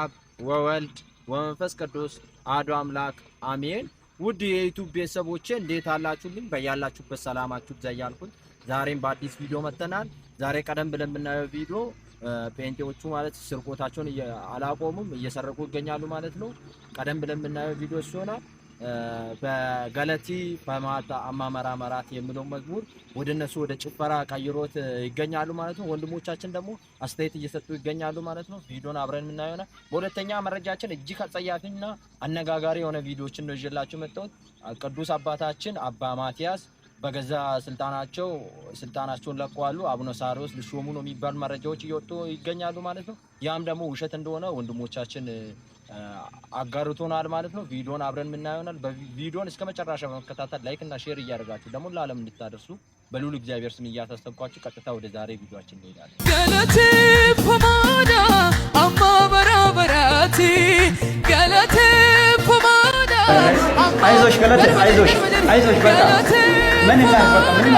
አብ ወወልድ ወመንፈስ ቅዱስ አሐዱ አምላክ አሜን። ውድ የዩቱብ ቤተሰቦቼ እንዴት አላችሁልኝ? በያላችሁበት ሰላማችሁ ብዛ እያልኩኝ ዛሬም በአዲስ ቪዲዮ መጥተናል። ዛሬ ቀደም ብለን የምናየው ቪዲዮ ጴንጤዎቹ ማለት ስርቆታቸውን አላቆሙም፣ እየሰረቁ ይገኛሉ ማለት ነው። ቀደም ብለን የምናየው ቪዲዮ ሲሆናል በገለቲ በማታ አማመራ መራት የሚለው መዝሙር ወደ እነሱ ወደ ጭፈራ ቀይሮት ይገኛሉ ማለት ነው። ወንድሞቻችን ደግሞ አስተያየት እየሰጡ ይገኛሉ ማለት ነው። ቪዲዮን አብረን የምናየው በሁለተኛ መረጃችን እጅግ አጸያፊና አነጋጋሪ የሆነ ቪዲዮችን ነው ይዤላችሁ መጣሁት። ቅዱስ አባታችን አባ ማቲያስ በገዛ ስልጣናቸው ስልጣናቸውን ለቀዋሉ። አቡነ ሳሮስ ሊሾሙ ነው የሚባል መረጃዎች እየወጡ ይገኛሉ ማለት ነው። ያም ደግሞ ውሸት እንደሆነ ወንድሞቻችን አጋርቶናል ማለት ነው። ቪዲዮን አብረን የምናየው ይሆናል። ቪዲዮን እስከ መጨረሻ በመከታተል ላይክ እና ሼር እያደርጋችሁ ደግሞ ለዓለም እንድታደርሱ በልዑል እግዚአብሔር ስም እያሳሰብኳችሁ ቀጥታ ወደ ዛሬ ቪዲዮችን እንሄዳለን። ገለቴ ፖማዳ አይዞሽ፣ አይዞሽ፣ አይዞሽ። በቃ ምን ምን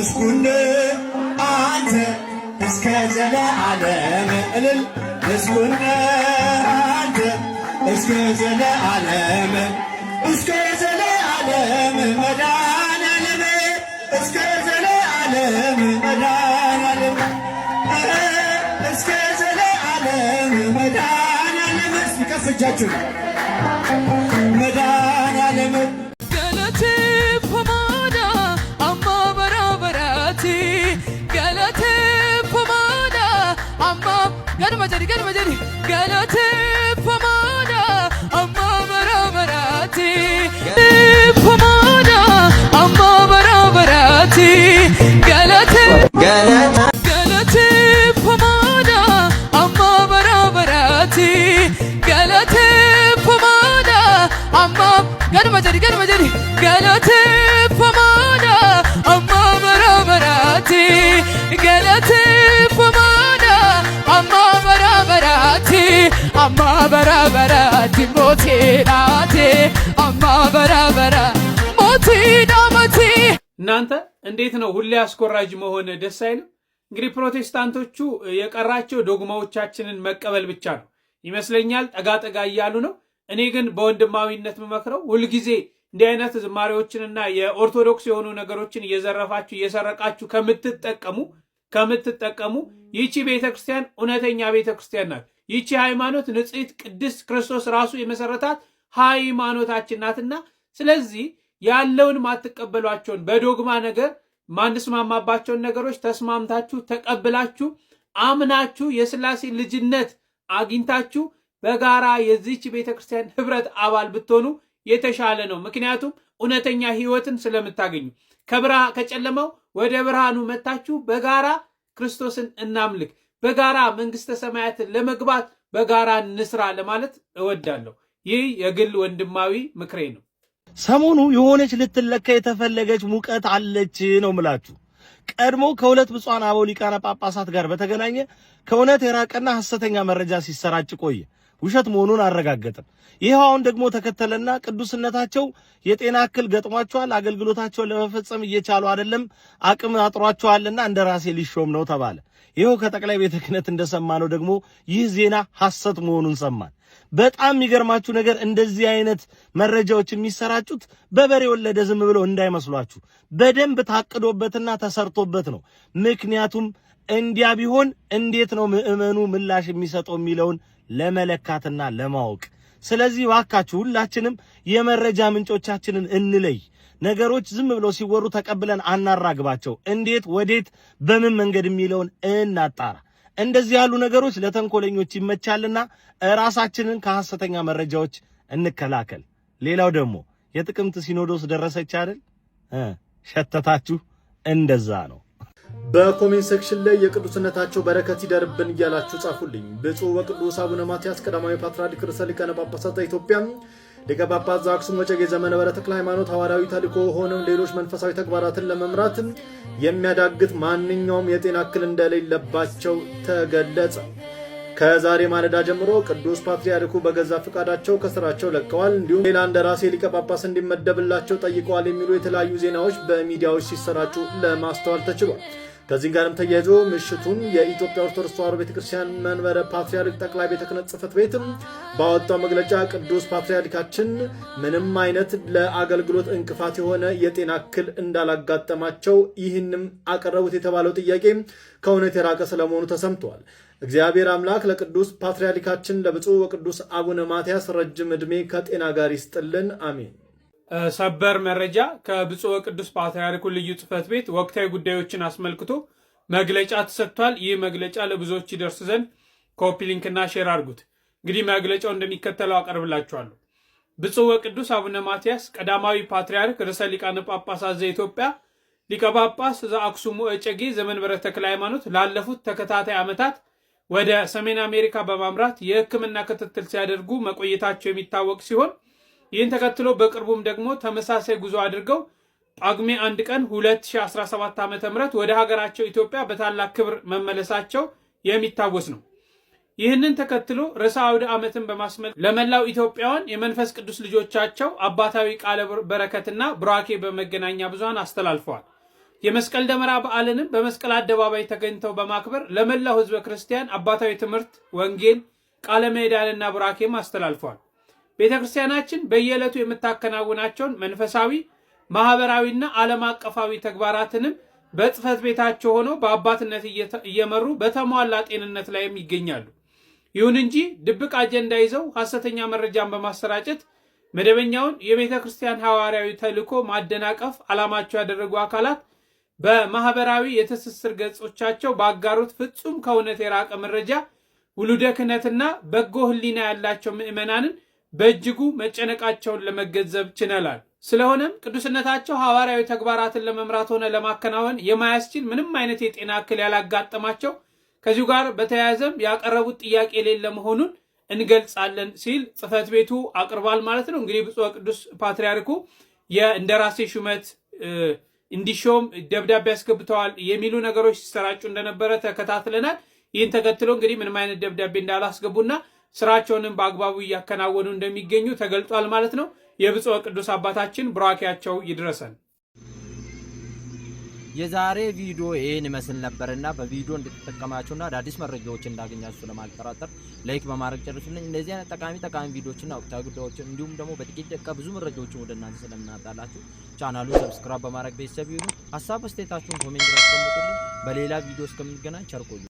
ምስጉን አንተ እስከ ዘለዓለም እልል ምስጉን አንተ እስከ ዘለዓለም እስከ ዘለዓለም መድኃኒዓለም እስከ ዘለዓለም መድኃኒዓለም እስከ ዘለዓለም መድኃኒዓለም ከፍ gelmeden Gel atıp amana ama beraber atı Atıp amana ama beraber atı Gel atıp Gel atıp Gel atıp amana ama beraber atı Gel atıp amana ama Gelmeden gelmeden Gel atıp amana ama beraber atı Gel atıp Timoti, amma bara bara Timoti nati, amma bara bara እናንተ እንዴት ነው ሁሌ አስኮራጅ መሆን ደስ አይልም? እንግዲህ ፕሮቴስታንቶቹ የቀራቸው ዶግማዎቻችንን መቀበል ብቻ ነው ይመስለኛል። ጠጋ ጠጋ እያሉ ነው። እኔ ግን በወንድማዊነት መመክረው ሁልጊዜ እንዲህ አይነት ዝማሬዎችንና የኦርቶዶክስ የሆኑ ነገሮችን እየዘረፋችሁ እየሰረቃችሁ ከምትጠቀሙ ከምትጠቀሙ ይቺ ቤተክርስቲያን እውነተኛ ቤተክርስቲያን ናት። ይቺ ሃይማኖት ንጽሕት ቅድስት ክርስቶስ ራሱ የመሰረታት ሃይማኖታችን ናትና፣ ስለዚህ ያለውን ማትቀበሏቸውን በዶግማ ነገር ማንስማማባቸውን ነገሮች ተስማምታችሁ ተቀብላችሁ አምናችሁ የስላሴ ልጅነት አግኝታችሁ በጋራ የዚች ቤተ ክርስቲያን ህብረት አባል ብትሆኑ የተሻለ ነው። ምክንያቱም እውነተኛ ህይወትን ስለምታገኙ ከጨለመው ወደ ብርሃኑ መታችሁ በጋራ ክርስቶስን እናምልክ። በጋራ መንግስተ ሰማያትን ለመግባት በጋራ እንስራ ለማለት እወዳለሁ። ይህ የግል ወንድማዊ ምክሬ ነው። ሰሞኑ የሆነች ልትለካ የተፈለገች ሙቀት አለች ነው ምላችሁ። ቀድሞ ከሁለት ብፁዓን አበው ሊቃነ ጳጳሳት ጋር በተገናኘ ከእውነት የራቀና ሐሰተኛ መረጃ ሲሰራጭ ቆየ። ውሸት መሆኑን አረጋገጥን። ይህ አሁን ደግሞ ተከተለና ቅዱስነታቸው የጤና እክል ገጥሟቸዋል፣ አገልግሎታቸውን ለመፈጸም እየቻሉ አይደለም፣ አቅም አጥሯቸዋልና እንደ ራሴ ሊሾም ነው ተባለ። ይኸው ከጠቅላይ ቤተ ክህነት እንደሰማነው ደግሞ ይህ ዜና ሐሰት መሆኑን ሰማን። በጣም የሚገርማችሁ ነገር እንደዚህ አይነት መረጃዎች የሚሰራጩት በበሬ ወለደ ዝም ብለው እንዳይመስሏችሁ፣ በደንብ ታቅዶበትና ተሰርቶበት ነው። ምክንያቱም እንዲያ ቢሆን እንዴት ነው ምዕመኑ ምላሽ የሚሰጠው የሚለውን ለመለካትና ለማወቅ። ስለዚህ ዋካችሁ ሁላችንም የመረጃ ምንጮቻችንን እንለይ። ነገሮች ዝም ብለው ሲወሩ ተቀብለን አናራግባቸው። እንዴት፣ ወዴት፣ በምን መንገድ የሚለውን እናጣራ። እንደዚህ ያሉ ነገሮች ለተንኮለኞች ይመቻልና ራሳችንን ከሐሰተኛ መረጃዎች እንከላከል። ሌላው ደግሞ የጥቅምት ሲኖዶስ ደረሰች አይደል? ሸተታችሁ። እንደዛ ነው። በኮሜንት ሴክሽን ላይ የቅዱስነታቸው በረከት ይደርብን እያላችሁ ጻፉልኝ። ብፁዕ ወቅዱስ አቡነ ማትያስ ቀዳማዊ ፓትርያርክ ርዕሰ ሊቃነ ጳጳሳት ዘኢትዮጵያ ሊቀ ጳጳስ ዘአክሱም ወዕጨጌ ዘመንበረ ተክለ ሃይማኖት ሐዋርያዊ ተልእኮ ሆነው ሌሎች መንፈሳዊ ተግባራትን ለመምራት የሚያዳግት ማንኛውም የጤና እክል እንደሌለባቸው ተገለጸ። ከዛሬ ማለዳ ጀምሮ ቅዱስ ፓትርያርኩ በገዛ ፈቃዳቸው ከስራቸው ለቀዋል። እንዲሁም ሌላ እንደራሴ ሊቀ ጳጳስ እንዲመደብላቸው ጠይቀዋል የሚሉ የተለያዩ ዜናዎች በሚዲያዎች ሲሰራጩ ለማስተዋል ተችሏል። ከዚህ ጋርም ተያይዞ ምሽቱን የኢትዮጵያ ኦርቶዶክስ ተዋሕዶ ቤተክርስቲያን መንበረ ፓትርያርክ ጠቅላይ ቤተ ክህነት ጽሕፈት ቤትም ባወጣው መግለጫ ቅዱስ ፓትርያርካችን ምንም አይነት ለአገልግሎት እንቅፋት የሆነ የጤና እክል እንዳላጋጠማቸው ይህንም አቀረቡት የተባለው ጥያቄ ከእውነት የራቀ ስለመሆኑ ተሰምተዋል። እግዚአብሔር አምላክ ለቅዱስ ፓትርያርካችን ለብፁዕ ወቅዱስ አቡነ ማትያስ ረጅም ዕድሜ ከጤና ጋር ይስጥልን፣ አሜን። ሰበር መረጃ ከብፁዕ ቅዱስ ፓትርያርኩ ልዩ ጽሕፈት ቤት ወቅታዊ ጉዳዮችን አስመልክቶ መግለጫ ተሰጥቷል። ይህ መግለጫ ለብዙዎች ይደርስ ዘንድ ኮፒ ሊንክና ሼር አድርጉት። እንግዲህ መግለጫው እንደሚከተለው አቀርብላችኋለሁ። ብፁዕ ወቅዱስ አቡነ ማትያስ ቀዳማዊ ፓትርያርክ ርዕሰ ሊቃነ ጳጳሳት ዘኢትዮጵያ ሊቀ ጳጳስ ዘአክሱም ወእጨጌ ዘመንበረ ተክለ ሃይማኖት ላለፉት ተከታታይ ዓመታት ወደ ሰሜን አሜሪካ በማምራት የሕክምና ክትትል ሲያደርጉ መቆየታቸው የሚታወቅ ሲሆን ይህን ተከትሎ በቅርቡም ደግሞ ተመሳሳይ ጉዞ አድርገው ጳጉሜ አንድ ቀን 2017 ዓ ም ወደ ሀገራቸው ኢትዮጵያ በታላቅ ክብር መመለሳቸው የሚታወስ ነው። ይህንን ተከትሎ ርዕሰ አውደ ዓመትን በማስመል ለመላው ኢትዮጵያውያን የመንፈስ ቅዱስ ልጆቻቸው አባታዊ ቃለ በረከትና ብራኬ በመገናኛ ብዙሃን አስተላልፈዋል። የመስቀል ደመራ በዓልንም በመስቀል አደባባይ ተገኝተው በማክበር ለመላው ሕዝበ ክርስቲያን አባታዊ ትምህርት፣ ወንጌል፣ ቃለ ምዕዳንና ብራኬም አስተላልፈዋል። ቤተ ክርስቲያናችን በየዕለቱ የምታከናውናቸውን መንፈሳዊ ማህበራዊና ዓለም አቀፋዊ ተግባራትንም በጽህፈት ቤታቸው ሆነው በአባትነት እየመሩ በተሟላ ጤንነት ላይም ይገኛሉ። ይሁን እንጂ ድብቅ አጀንዳ ይዘው ሐሰተኛ መረጃን በማሰራጨት መደበኛውን የቤተ ክርስቲያን ሐዋርያዊ ተልእኮ ማደናቀፍ ዓላማቸው ያደረጉ አካላት በማህበራዊ የትስስር ገጾቻቸው ባጋሩት ፍጹም ከእውነት የራቀ መረጃ ውሉደ ክህነትና በጎ ህሊና ያላቸው ምዕመናንን በእጅጉ መጨነቃቸውን ለመገንዘብ ችነላል ስለሆነም ቅዱስነታቸው ሐዋርያዊ ተግባራትን ለመምራት ሆነ ለማከናወን የማያስችል ምንም አይነት የጤና እክል ያላጋጠማቸው ከዚሁ ጋር በተያያዘም ያቀረቡት ጥያቄ የሌለ መሆኑን እንገልጻለን ሲል ጽሕፈት ቤቱ አቅርቧል ማለት ነው። እንግዲህ ብፁዕ ቅዱስ ፓትርያርኩ የእንደራሴ ሹመት እንዲሾም ደብዳቤ ያስገብተዋል የሚሉ ነገሮች ሲሰራጩ እንደነበረ ተከታትለናል። ይህን ተከትሎ እንግዲህ ምንም አይነት ደብዳቤ እንዳላስገቡና ስራቸውንም በአግባቡ እያከናወኑ እንደሚገኙ ተገልጧል ማለት ነው። የብፁዕ ቅዱስ አባታችን ቡራኬያቸው ይድረሰን። የዛሬ ቪዲዮ ይህን ይመስል ነበርና በቪዲዮ እንድትጠቀማቸውና አዳዲስ መረጃዎች እንዳገኛችሁ ስለማልጠራጠር ላይክ በማድረግ ጨርሱልኝ። እንደዚህ አይነት ጠቃሚ ጠቃሚ ቪዲዮዎችና ወቅታዊ ጉዳዮችን እንዲሁም ደግሞ በጥቂት ደቂቃ ብዙ መረጃዎችን ወደ እናንተ ስለምናጣላችሁ ቻናሉን ሰብስክራይብ በማድረግ ቤተሰብ ይሁኑ። ሀሳብ አስተያየታችሁን ኮሜንት ላይ አስቀምጡልኝ። በሌላ ቪዲዮ እስከምንገናኝ ቸር ቆዩ።